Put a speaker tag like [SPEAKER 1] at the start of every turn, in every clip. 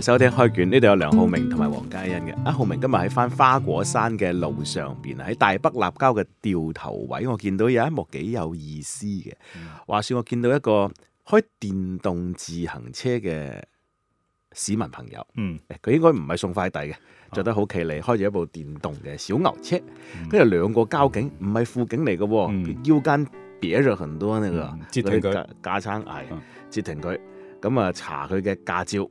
[SPEAKER 1] 收聽開卷，呢度有梁浩明同埋黃嘉欣嘅。阿浩明今日喺返花果山嘅路上面，喺大北立交嘅掉頭位，我見到有一幕幾有意思嘅。嗯、話說我見到一個開電動自行車嘅市民朋友，嗯，佢應該唔係送快遞嘅，着、嗯、得好企理，開住一部電動嘅小牛車，跟住、嗯、兩個交警，唔係輔警嚟嘅，是的嗯、腰間別咗很多呢、那個截、嗯、停嘅架撐嘢截停佢，咁啊、嗯、查佢嘅駕照。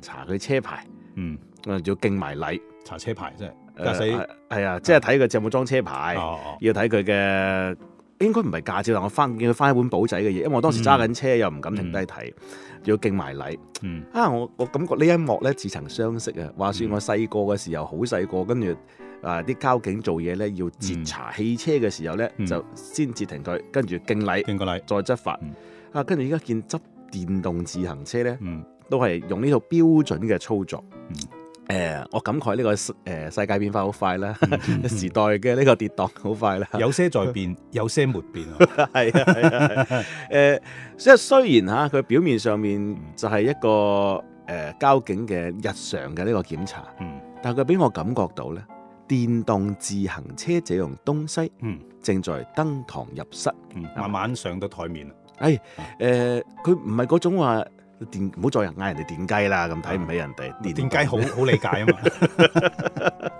[SPEAKER 1] 查佢車牌，嗯，我仲要敬埋禮。查車牌
[SPEAKER 2] 真係，駕駛
[SPEAKER 1] 係啊，即係睇佢有冇裝車牌，要睇佢嘅應該唔係駕照，但我翻見佢翻一本簿仔嘅嘢，因為我當時揸緊車又唔敢停低睇，仲要敬埋禮。啊，我我感覺呢一幕咧似曾相識啊！話說我細個嘅時候好細個，跟住啊啲交警做嘢咧要截查汽車嘅時候咧就先截停佢，跟住敬禮，敬個禮再執法。啊，跟住而家見執電動自行車咧。都係用呢套標準嘅操作，誒、嗯呃，我感慨呢、這個誒、呃、世界變化好快啦，嗯嗯、 時代嘅呢個跌宕好快啦，有些在變，嗯、有些沒變 啊，係啊，誒、啊，即係、啊、雖然吓、啊、佢表面上面就係一個誒、呃、交警嘅日常嘅呢個檢查，嗯，但係佢俾我感覺到咧，電動自行車這種東西，嗯，正在登堂入室，嗯、吧慢慢上到台面啦，誒、哎，佢唔係嗰種話。電唔好再人嗌人哋電雞啦，咁睇唔起人哋。電雞好好理解啊嘛，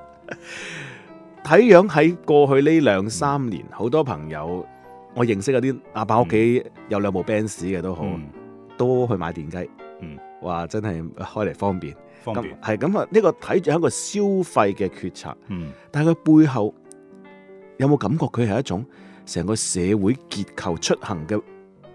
[SPEAKER 1] 睇 樣喺過去呢兩三年，好、嗯、多朋友我認識嗰啲阿爸屋企有兩部 Benz 嘅都好，嗯、都去買電雞，
[SPEAKER 2] 嗯，
[SPEAKER 1] 話真係開嚟方便，方便係咁啊！呢、這個睇住係一個消費嘅決策，嗯，但係佢背後有冇感覺佢係一種成個社
[SPEAKER 2] 會結構出行嘅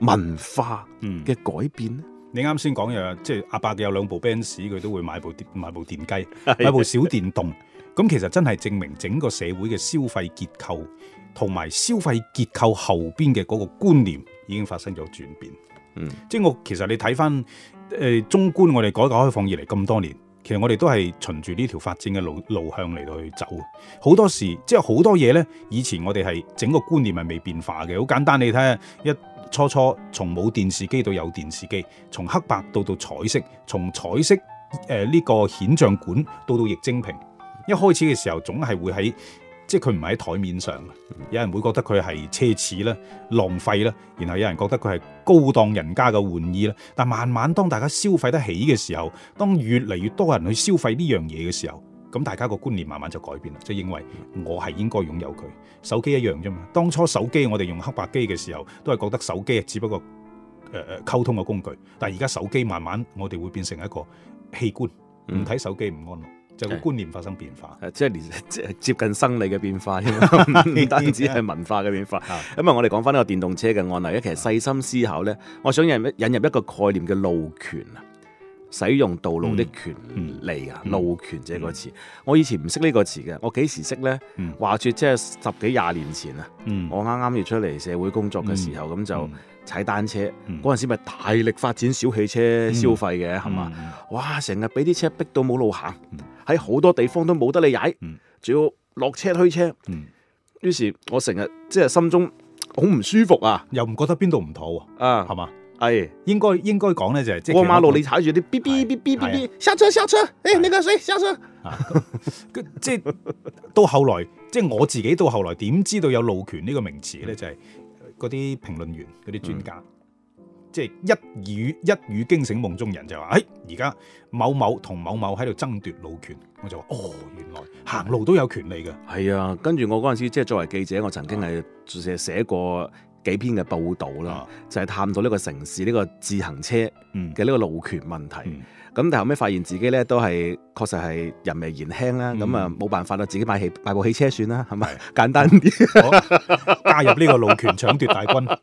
[SPEAKER 2] 文化嘅改變咧？你啱先講嘅，即係阿伯有兩部 Benz，佢都會買，部，買部電買部電雞，買部小電動。咁 其實真係證明整個社會嘅消費結構同埋消費結構後邊嘅嗰個觀念已經發生咗轉變。嗯，即係我其實你睇翻誒中觀，我哋改革開放以嚟咁多年，其實我哋都係循住呢條發展嘅路路向嚟到去走。好多時即係好多嘢咧，以前我哋係整個觀念係未變化嘅。好簡單你看，你睇下一。初初從冇電視機到有電視機，從黑白到到彩色，從彩色誒呢個顯像管到到液晶屏。一開始嘅時候總是，總係會喺即係佢唔係喺台面上，有人會覺得佢係奢侈啦、浪費啦，然後有人覺得佢係高檔人家嘅玩意啦。但慢慢當大家消費得起嘅時候，當越嚟越多人去消費呢樣嘢嘅時候。咁大家個觀念慢慢就改變啦，就認、是、為我係應該擁有佢，手機一樣啫嘛。當初手機我哋用黑白機嘅時候，都係覺得手機只不過誒誒、呃、溝通嘅工具。但係而家手機慢慢我哋會變成一個器官，唔睇、嗯、手機唔安樂，就個、是、觀念發生變化。即係接近生理嘅變化，唔 單止係文化嘅變化。咁啊、 嗯，我哋
[SPEAKER 1] 講返呢個電動車嘅案例，其實細心思考呢，我想引引入一個概念嘅路權啊。使用道路的權利啊，路權這個詞，我以前唔識呢個詞嘅，我幾時識呢？話住即係十幾廿年前啊，我啱啱要出嚟社會工作嘅時候，咁就踩單車嗰陣時，咪大力發展小汽車消費嘅係嘛？哇！成日俾啲車逼到冇路行，喺好多地方都冇得你踩，
[SPEAKER 2] 仲要落車推車。於是，我成日即係心中好唔舒服啊，又唔覺得邊度唔妥啊，係嘛？係是應該應該講咧就係、是、過、哦、馬路你踩住啲嗶嗶嗶嗶嗶嗶，
[SPEAKER 1] 下車下車誒那個誰下車，下車欸啊、
[SPEAKER 2] 個即係到後來即係我自己到後來點知道有路權呢個名詞咧、嗯、就係嗰啲評論員嗰啲專家，嗯、即係一語一語驚醒夢中人就話誒而家某某同某某喺度爭奪路權，我就話哦，原來行路都有權利嘅
[SPEAKER 1] 係啊，跟住我嗰陣時即係作為記者，我曾經係寫寫過。幾篇嘅報道啦，就係、是、探討呢個城市呢、這個自行車嘅呢個路權問題。嗯嗯咁但後尾發現自己咧都係確實係人微言輕啦，咁啊冇辦法啦，自己買汽買部汽車算啦，係咪的的簡單啲、哦、加入呢個路權 搶奪大軍？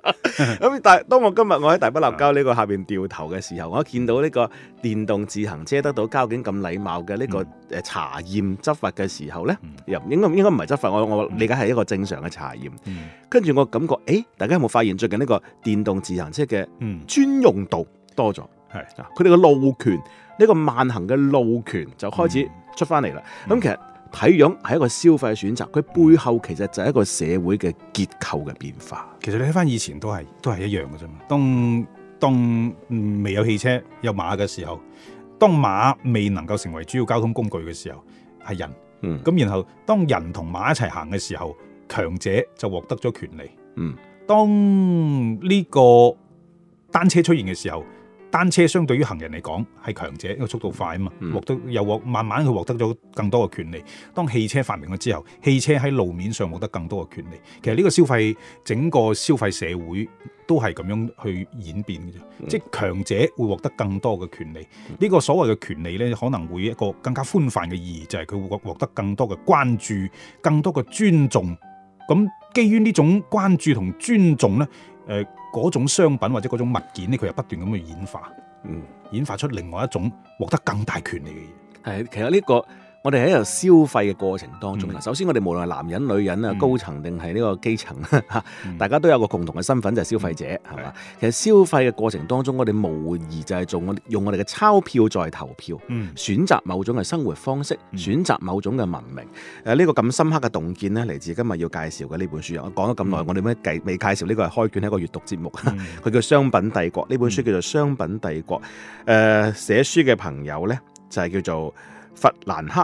[SPEAKER 1] 咁 但當我今日我喺大北立交呢個下邊掉頭嘅時候，我一見到呢個電動自行車得到交警咁禮貌嘅呢個誒查驗執法嘅時候咧，又、嗯、應該應該唔係執法，我我理解係一個正常嘅查驗。嗯、跟住我感覺，誒、欸、大家有冇發現最近呢個電動自行車嘅專用道多咗？係啊、嗯，佢哋嘅路權。呢個慢行嘅路權就開始出翻嚟啦。咁、嗯、其實體育係一個消費嘅選擇，佢、嗯、背後其實就係一個社會嘅結構嘅變化。
[SPEAKER 2] 其實你睇翻以前都係都係一樣嘅啫嘛。當當未有汽車、有馬嘅時候，當馬未能夠成為主要交通工具嘅時候，係人。咁、嗯、然後當人同馬一齊行嘅時候，強者就獲得咗權利。嗯、當呢個單車出現嘅時候。單車相對於行人嚟講係強者，因為速度快啊嘛，獲得又獲慢慢去獲得咗更多嘅權利。當汽車發明咗之後，汽車喺路面上獲得更多嘅權利。其實呢個消費，整個消費社會都係咁樣去演變嘅啫，嗯、即係強者會獲得更多嘅權利。呢、嗯、個所謂嘅權利呢，可能會一個更加寬泛嘅意義，就係佢會獲獲得更多嘅關注、更多嘅尊重。咁基於呢種關注同尊重呢。誒、呃。嗰種商品或者嗰種物件咧，佢又不斷咁去演化，嗯、演化出另外一種獲得更大權利嘅嘢。係，其實呢個。我哋
[SPEAKER 1] 喺度消費嘅過程當中啊，首先我哋無論係男人、女人啊，高層定係呢個基層，大家都有個共同嘅身份就係消費者，係嘛？其實消費嘅過程當中，我哋無疑就係做我用我哋嘅鈔票再投票，選擇某種嘅生活方式，選擇某種嘅文明。誒，呢個咁深刻嘅洞見呢，嚟自今日要介紹嘅呢本書。我講咗咁耐，我哋咩未介紹？呢個係開卷一個閲讀節目，佢叫《商品帝國》呢本書叫做《商品帝國》。誒，寫書嘅朋友呢，就係叫做。弗蘭克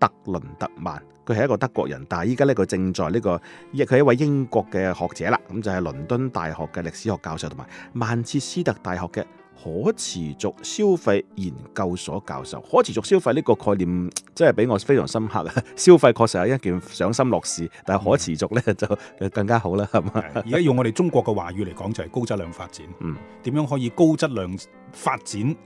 [SPEAKER 1] ·特倫特曼，佢係一個德國人，但係而家咧佢正在呢、這個，亦佢係一位英國嘅學者啦，咁就係、是、倫敦大學嘅歷史學教授同埋曼徹斯特大學嘅。可持續消費研究所教授，可持續消費呢個概念真係俾我非常深刻啊！
[SPEAKER 2] 消費確實係一件賞心樂事，但係可持續咧就更加好啦，係嘛的？而家吧用我哋中國嘅話語嚟講就係高質量發展，嗯，點樣可以高質量發展，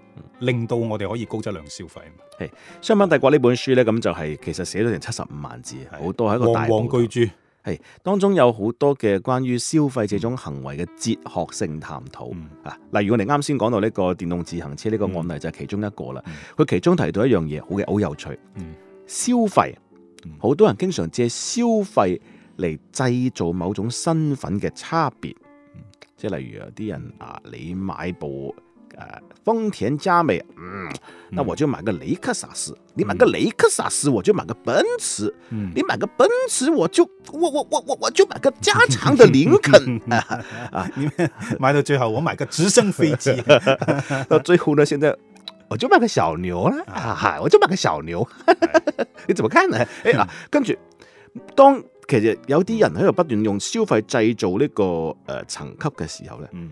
[SPEAKER 2] 令到我哋可以高質量消費啊？係《商品帝國》呢本書咧，咁就係其實寫咗成
[SPEAKER 1] 七十五萬字，好的多係一個大王巨著。係，當中有好多嘅關於消費這種行為嘅哲學性探討啊，嗯、例如我哋啱先講到呢個電動自行車呢個案例就係其中一個啦。佢、嗯、其中提到一樣嘢，好嘅好有趣，消費，好多人經常借消費嚟製造某種身份嘅差別，即係、嗯、例如有啲人啊，你買部。豐田佳美，嗯，那我就買個雷克薩斯，你買個雷克薩斯，我就買個奔
[SPEAKER 2] 馳，你
[SPEAKER 1] 買個奔馳，我就，我我我我我就買個加長的林肯，
[SPEAKER 2] 啊，你們買到最好，我買個直升飛機，到最後呢，現在我就買個小牛啦，啊，我就買個小牛，你怎麼看呢？
[SPEAKER 1] 誒，啊，跟住當其實有啲人喺度不斷用消費製造呢個呃層級嘅時候呢。嗯。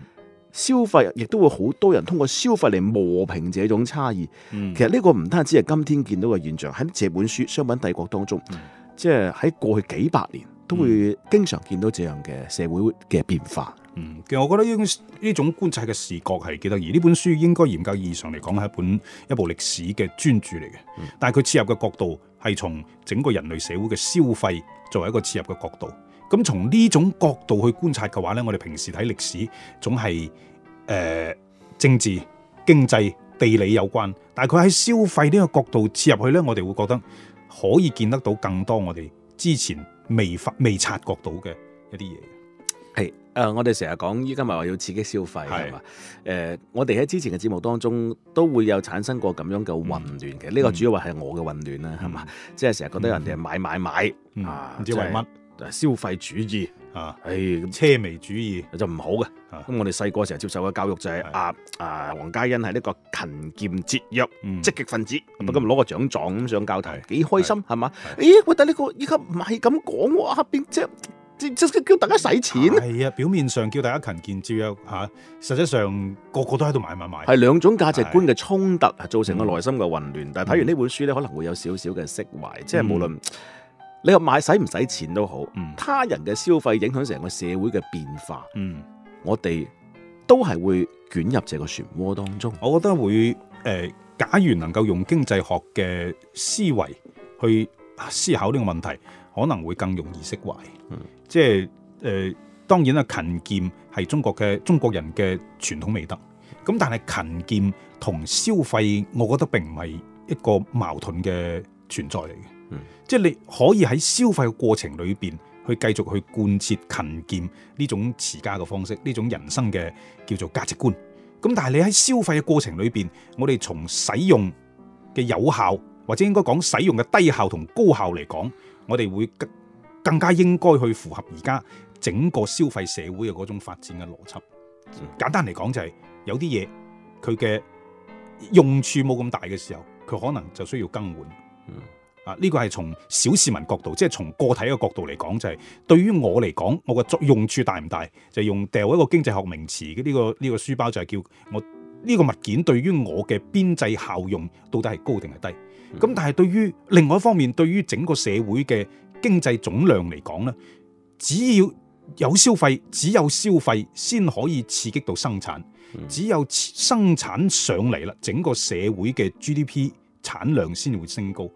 [SPEAKER 1] 消費亦都會好多人通過消費嚟磨平這種差異。嗯、其實呢個唔單止係今天見到嘅現象，喺這本書《商品帝國》當中，嗯、
[SPEAKER 2] 即係喺過去幾百年都會經常見到這樣嘅社會嘅變化。嗯，其實我覺得呢種呢種觀察嘅視覺係幾得意。呢本書應該嚴格意義上嚟講係一本一部歷史嘅專著嚟嘅，嗯、但係佢切入嘅角度係從整個人類社會嘅消費作為一個切入嘅角度。咁從呢種角度去觀察嘅話咧，我哋平時睇歷史總係誒、呃、政治、經濟、地理有關，但係佢喺消費呢個角度切入去咧，我哋會覺得可以見得到更多我哋之前未發未察覺到嘅一啲嘢。係誒、
[SPEAKER 1] 呃，我哋成日講依家咪話要刺激消費係嘛？誒是、呃，我哋喺之前嘅節目當中都會有產生過咁樣嘅混亂嘅。呢、嗯、個主要話係我嘅混亂啦，係嘛、嗯？即係成日覺得有人哋買買買、嗯、啊，唔知為乜。就是消費主義，啊，唉，咁奢靡主義就唔好嘅。咁我哋細個成日接受嘅教育就係、是、啊的啊，黃嘉欣係呢個勤儉節約積極分子，咁攞、嗯、個獎狀咁上教台，幾的開心係嘛？咦的，我睇呢個依家唔係咁講，下邊即
[SPEAKER 2] 係即即叫大家使錢。係啊，表面上叫大家勤儉節約吓，實際上個個都喺度買買買。係
[SPEAKER 1] 的的兩種價值觀嘅衝突啊，造成個內心嘅混亂。嗯、但係睇完呢本書咧，可能會有少少嘅釋懷，嗯、即係無論。你話買使唔使錢都好，他人嘅消費影響成個社會嘅變化，
[SPEAKER 2] 嗯、我哋都係會捲入這個漩渦當中。我覺得會誒、呃，假如能夠用經濟學嘅思維去思考呢個問題，可能會更容易釋懷。即係誒，當然啦，勤儉係中國嘅中國人嘅傳統美德。咁但係勤儉同消費，我覺得並唔係一個矛盾嘅存在嚟嘅。即係你可以喺消費嘅過程裏邊去繼續去貫徹勤儉呢種持家嘅方式，呢種人生嘅叫做價值觀。咁但係你喺消費嘅過程裏邊，我哋從使用嘅有效或者應該講使用嘅低效同高效嚟講，我哋會更更加應該去符合而家整個消費社會嘅嗰種發展嘅邏輯。嗯、簡單嚟講就係、是、有啲嘢佢嘅用處冇咁大嘅時候，佢可能就需要更換。嗯啊！呢個係從小市民角度，即係從個體嘅角度嚟講，就係對於我嚟講，我嘅作用處大唔大？就用掉一個經濟學名詞嘅呢個呢個書包，就係叫我呢個物件對於我嘅邊際效用到底係高定係低？咁，嗯，但係對於另外一方面，對於整個社會嘅經濟總量嚟講呢，只要有消費，只有消費先可以刺激到生產，嗯，只有生產上嚟啦，整個社會嘅 GDP 產量先會升高。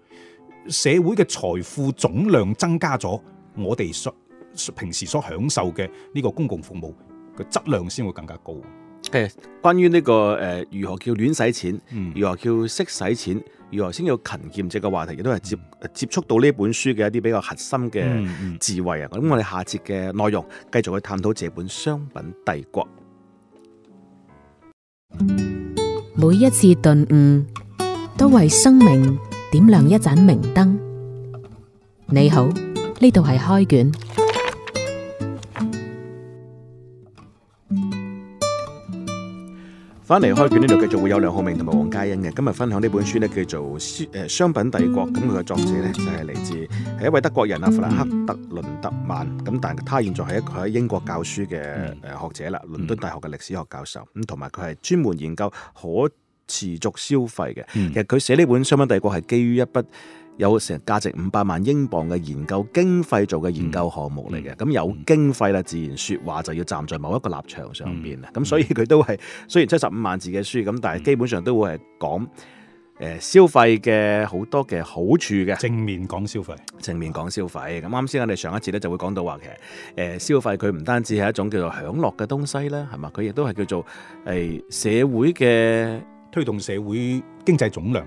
[SPEAKER 2] 社會嘅財富總量增加咗，我哋所平時所享受嘅呢個公共服務嘅質量先會更加高。
[SPEAKER 1] 誒，關於呢、這個誒、呃，如何叫亂使錢、嗯、錢，如何叫識使錢，如何先要勤儉，這個話題亦都係接接觸到呢本書嘅一啲比較核心嘅智慧啊。咁、嗯嗯、我哋下節嘅內容繼續去探討這本《商品帝國》。
[SPEAKER 2] 每一次
[SPEAKER 1] 頓悟，都為生命。點亮一盞明燈。你好，呢度係開卷。翻嚟開卷，呢度繼續會有梁浩明同埋王嘉欣嘅，今日分享呢本書呢叫做《商、誒商品帝國》，咁佢嘅作者呢就係嚟自係一位德國人啊弗蘭克特倫特曼，咁但係他現在係一個喺英國教書嘅誒學者啦，倫敦大學嘅歷史學教授咁，同埋佢係專門研究可。持續消費嘅，嗯、其實佢寫呢本《商品帝國》係基於一筆有成價值五百萬英鎊嘅研究經費做嘅研究項目嚟嘅。咁、嗯嗯、有經費啦，嗯、自然說話就要站在某一個立場上邊啊。咁、嗯、所以佢都係雖然七十五萬字嘅書，咁但係基本上都會係講誒消費嘅好多嘅好處嘅，正面講消費，正面講消費。咁啱先我哋上一次咧就會講到話，其實誒消費佢唔單止係一種叫做享樂嘅東西啦，係嘛？佢亦都係叫做係、欸、社會嘅。推動社會經濟總量，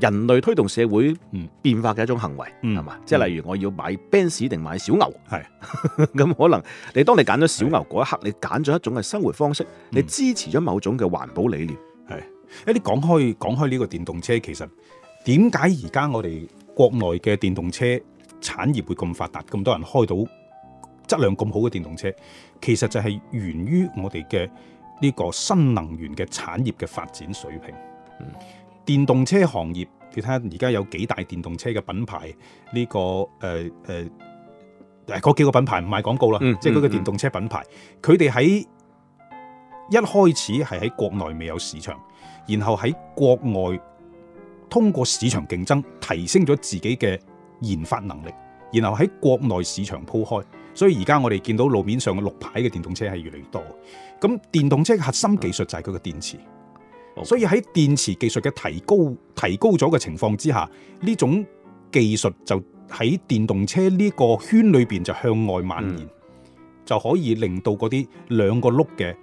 [SPEAKER 1] 人類推動社會變化嘅一種行為係嘛？即係例如我要買 Benz 定買小牛，係咁是 可能你當你揀咗小牛嗰一刻，是你
[SPEAKER 2] 揀咗一種嘅生活方式，嗯、你支持咗某種嘅環保理念係。誒，你講開講開呢個電動車，其實點解而家我哋國內嘅電動車產業會咁發達，咁多人開到質量咁好嘅電動車，其實就係源於我哋嘅。呢個新能源嘅產業嘅發展水平，電動車行業，你睇下而家有幾大電動車嘅品牌？呢個誒誒誒嗰幾個品牌唔賣廣告啦，即係嗰個電動車品牌，佢哋喺一開始係喺國內未有市場，然後喺國外通過市場競爭提升咗自己嘅研發能力，然後喺國內市場鋪開。所以而家我哋見到路面上嘅綠牌嘅電動車，係越嚟越多，咁電動車嘅核心技術就係佢嘅電池，所以喺電池技術嘅提高提高咗嘅情況之下，呢種技術就喺電動車呢個圈裏邊就向外蔓延，嗯、就可以令到嗰啲兩個轆嘅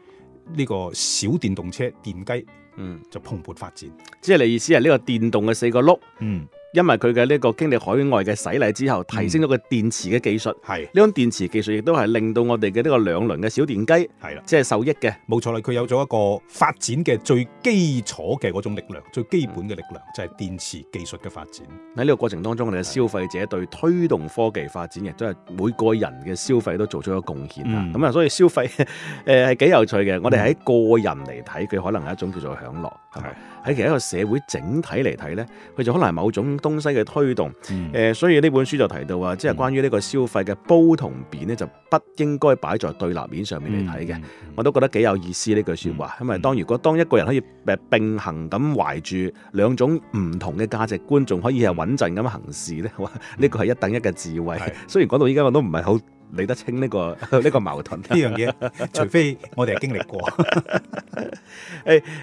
[SPEAKER 2] 呢個小電動車電雞，嗯，就蓬勃發展。
[SPEAKER 1] 即係你的意思係呢個電動嘅四個轆，嗯。因為佢嘅呢個經歷海外嘅洗禮之後，提升咗個電池嘅技術。係呢、嗯、種電池技術亦都係令到我哋嘅呢個兩輪嘅小電機
[SPEAKER 2] 係即係受益嘅。冇錯啦，佢有咗一個發展嘅最基礎嘅嗰種力量，最基本嘅力量、嗯、就係電池技術嘅發展。喺呢個過程當中，我哋嘅消費者對推
[SPEAKER 1] 動科技發展亦都係每個人嘅消費都做出咗貢獻啦。咁啊、嗯，所以消費誒係幾有趣嘅。我哋喺個人嚟睇，佢、嗯、可能係一種叫做享樂；係喺的的其實一個社會整體嚟睇咧，佢就可能係某種。東西嘅推動，誒，所以呢本書就提到啊，即係關於呢個消費嘅褒同貶呢，就不應該擺在對立面上面嚟睇嘅。我都覺得幾有意思呢句説話，因為當如果當一個人可以誒並行咁懷住兩種唔同嘅價值觀，仲可以係穩陣咁行事呢，哇！呢個係一等一嘅智慧。雖然講到依家我都唔係好理得清呢個呢個矛盾呢樣嘢，除非我哋係經歷過。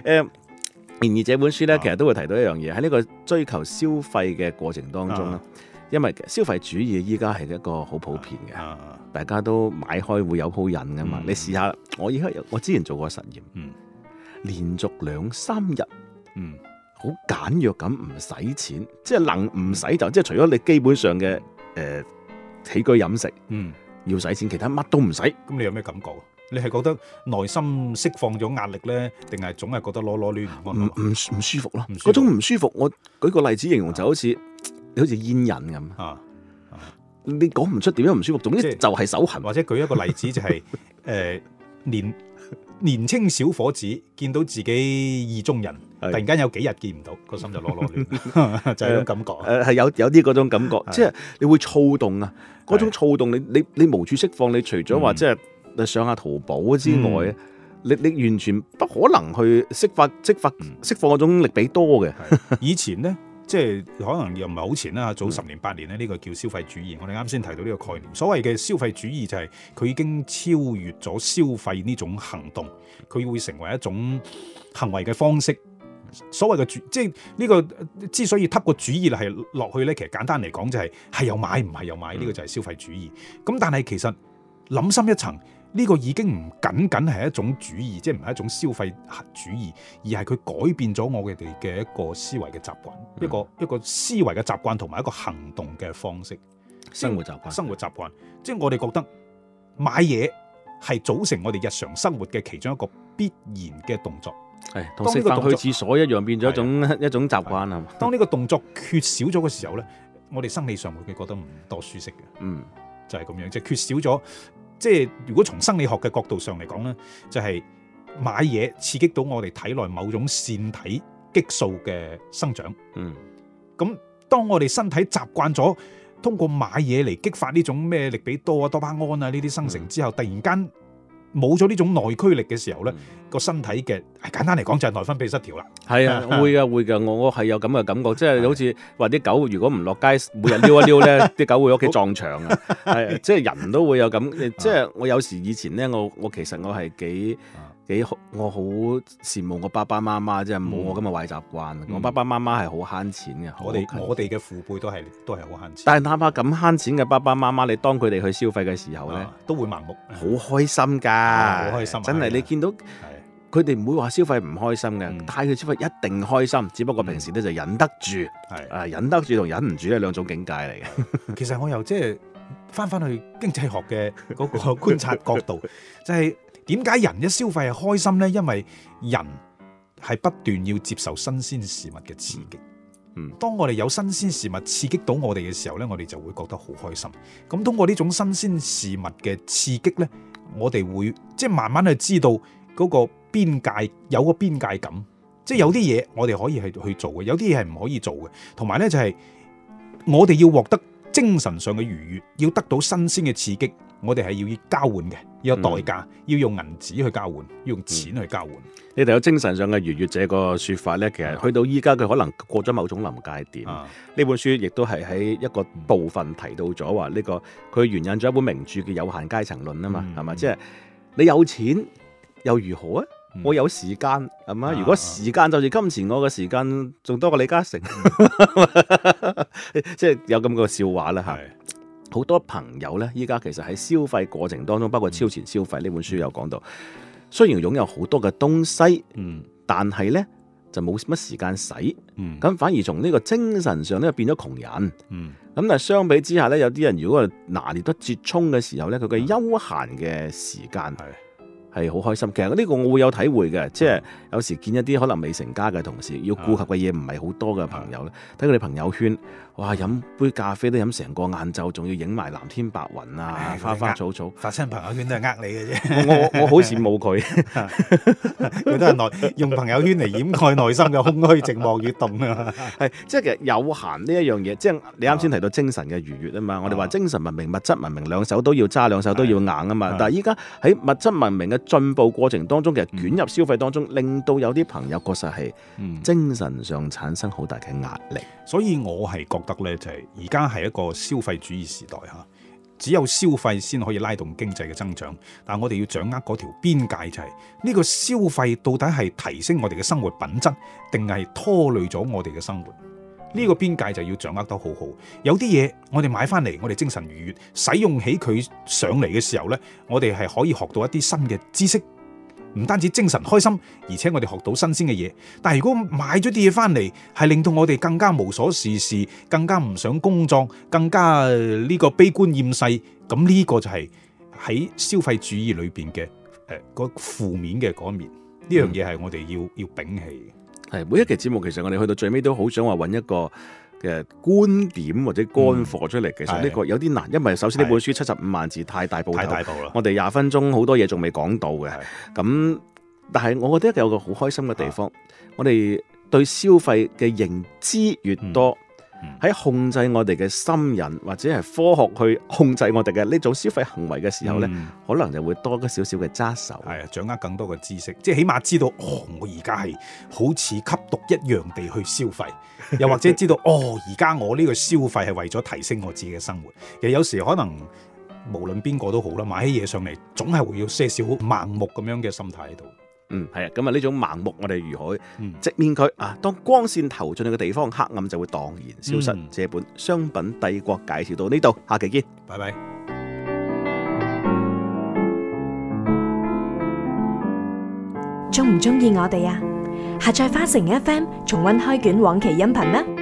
[SPEAKER 1] 誒然而，這本書咧，其實都會提到一樣嘢，喺呢、啊、個追求消費嘅過程當中咧，啊、因為消費主義依家係一個好普遍嘅，啊啊、大家都買開會有鋪癮噶嘛。嗯、你試下，我而家我之前做過實驗，嗯、連續兩三日，嗯，好簡約咁唔使錢，即係能唔使就，嗯、即係除咗你基本上嘅誒、
[SPEAKER 2] 呃、起居飲食，嗯，要使錢，其他乜都唔使，咁你有咩感覺？你係覺得內心釋放咗壓力咧，定係總係覺得囉囉攣？唔唔唔舒服咯，嗰種唔舒服。我舉個例子形容、啊、就好似，好似煙癮咁。啊，你講唔出點樣唔舒服，總之就係手痕。或者舉一個例子就係、是，誒、 呃、年年青小伙子見到自己意中人，突然間有幾日見唔到，個心就囉囉攣，就係、是、呢種感覺。誒係、呃、有有啲嗰種感覺，的即係
[SPEAKER 1] 你會躁動啊！嗰種躁動，的你你你無處釋放，你除咗話即係。嗯你上下淘寶
[SPEAKER 2] 之外，你、嗯、你完全不可能去釋發釋發釋放嗰種力比多嘅。以前呢， 即係可能又唔係好前啦，早十年八年咧，呢、嗯、個叫消費主義。我哋啱先提到呢個概念，所謂嘅消費主義就係、是、佢已經超越咗消費呢種行動，佢會成為一種行為嘅方式。所謂嘅主，即係呢、這個之所以吸個主義係落去呢。其實簡單嚟講就係係又買唔係又買，呢、嗯、個就係消費主義。咁但係其實諗深一層。呢個已經唔僅僅係一種主義，即係唔係一種消費主義，而係佢改變咗我哋嘅一個思維嘅習慣，一個、嗯、一個思維嘅習慣同埋一個行動嘅方式。生活習慣，生活習慣，即係我哋覺得買嘢係組成我哋日常生活嘅其中一個必然嘅動作。係時，當呢個同去廁所一樣變咗一種的 一種習慣啊。當呢個動作缺少咗嘅時候咧，我哋生理上會覺得唔多舒適嘅。嗯，就係咁樣，即係缺少咗。即係如果從生理學嘅角度上嚟講咧，就係買嘢刺激到我哋體內某種腺體激素嘅生長。嗯，咁當我哋身體習慣咗通過買嘢嚟激發呢種咩力比多啊、多巴胺啊呢啲生成之後，突然間。冇咗呢種內驅力嘅時候咧，個、嗯、身體嘅，簡單嚟講就係內分泌失調啦的。係啊， 會
[SPEAKER 1] 啊，會㗎，我我係有咁嘅感覺，即係好似話啲狗如果唔落街，每日撩一撩咧，啲 狗會喺屋企撞牆啊。係，即係人都會有咁， 即係我有時以前咧，我我其實我係幾。 我好羨慕我爸爸媽媽，即係冇我咁嘅壞習慣。我爸爸媽媽係好慳錢嘅。我哋我哋
[SPEAKER 2] 嘅父輩都係都係好慳錢。
[SPEAKER 1] 但係哪怕咁慳錢嘅爸爸媽媽，你當佢哋去消費嘅時候呢，都會盲目。好開心噶，好開心，真係你見到佢哋唔會話消費唔開心嘅，帶佢消費一定開心。只不過平時呢就忍得住，忍得住同忍唔住呢兩種境界嚟
[SPEAKER 2] 嘅。其實我又即係翻翻去經濟學嘅嗰個觀察角度，就係。點解人一消費係開心呢？因為人係不斷要接受新鮮事物嘅刺激。嗯，當我哋有新鮮事物刺激到我哋嘅時候呢，我哋就會覺得好開心。咁通過呢種新鮮事物嘅刺激呢，我哋會即係慢慢去知道嗰個邊界，有個邊界感，即係有啲嘢我哋可以係去做嘅，有啲嘢係唔可以做嘅。同埋呢，就係我哋要獲得精神上嘅愉悅，要得到新鮮嘅刺激。我哋係要交換嘅，要有代價，要用銀紙去交換，要用錢去交換。
[SPEAKER 1] 你哋有精神上嘅愉悅者個說法呢，其實去到依家佢可能過咗某種臨界點。呢本書亦都係喺一個部分提到咗話呢個，佢援引咗一本名著嘅《有限階層論》啊嘛，係嘛，即係你有錢又如何啊？我有時間係嘛？如果時間就係金錢，我嘅時間仲多過李嘉誠，即係有咁個笑話啦係。好多朋友呢，依家其實喺消費過程當中，包括超前消費呢、嗯、本書有講到，雖然擁有好多嘅東西，嗯，但係呢就冇乜時間使，咁、嗯、反而從呢個精神上呢，變咗窮人，嗯，咁但相比之下呢，有啲人如果拿捏得折衷嘅時候呢，佢嘅休閒嘅時間係好開心。嗯、其實呢個我會有體會嘅，嗯、即係有時見一啲可能未成家嘅同事，嗯、要顧及嘅嘢唔係好多嘅朋友呢，睇佢哋朋友圈。哇！飲杯咖啡都飲成個晏晝，仲要影埋藍天白雲啊，花花草草，草發
[SPEAKER 2] 親朋友圈都係呃你嘅啫。 我我好
[SPEAKER 1] 羨慕佢，佢都係內用朋友圈嚟掩蓋內心嘅空虛、寂寞與凍啊。係 即係其實有閒呢一樣嘢，即係你啱先提到精神嘅愉悅啊嘛。我哋話精神文明、物質文明兩手都要揸，兩手都要硬啊嘛。的但係依家喺物質文明嘅進步過程當中，其實捲入消費當中，令到有啲朋友確實係精神上
[SPEAKER 2] 產生好大嘅壓力。嗯、所以我係覺得咧，就係而家係一個消費主義時代吓，只有消費先可以拉動經濟嘅增長。但我哋要掌握嗰條邊界，就是，就係呢個消費到底係提升我哋嘅生活品質，定係拖累咗我哋嘅生活？呢、呢個邊界就要掌握得好好。有啲嘢我哋買翻嚟，我哋精神愉悅，使用起佢上嚟嘅時候呢，我哋係可以學到一啲新嘅知識。唔單止精神開心，而且我哋學到新鮮嘅嘢。但係如果買咗啲嘢翻嚟，係令到我哋更加無所事事，更加唔想工作，更加呢個悲觀厭世，咁、這、呢個就係喺消費主義裏邊嘅誒個負面嘅嗰、呃、面，面。呢樣嘢係我哋要、嗯、要摒棄嘅。係每一期節目，其實我哋
[SPEAKER 1] 去到最尾都好想話揾一個。嘅觀點或者幹貨出嚟，其實呢個有啲難，因為首先呢本書七十五萬字太大部頭，太大報了，我哋廿分鐘好多嘢仲未講到嘅。咁的，但係我覺得有一個好開心嘅地方，的我哋對消費嘅認知越多，喺的控制我哋嘅心人，或者係科學去控制我哋嘅呢種消費行為嘅時候呢的可能就會多咗少少嘅揸手，
[SPEAKER 2] 掌握更多嘅知識，即係起碼知道哦，我而家係好似吸毒一樣地去消費。 又或者知道哦，而家我呢個消費係為咗提升我自己嘅生活。又有時候可能無論邊個都好啦，買起嘢上嚟總係會要些少盲目咁樣嘅心態喺度。嗯，係啊，咁啊，呢種盲目，我哋如何、嗯、直面佢啊。當光
[SPEAKER 1] 線投進去嘅地方，黑暗就會蕩然消失。借、嗯、本《商品帝國》介紹到呢度，下
[SPEAKER 2] 期見，拜拜。中唔中意我哋啊？下載花城 FM，重溫開卷往期音頻啦！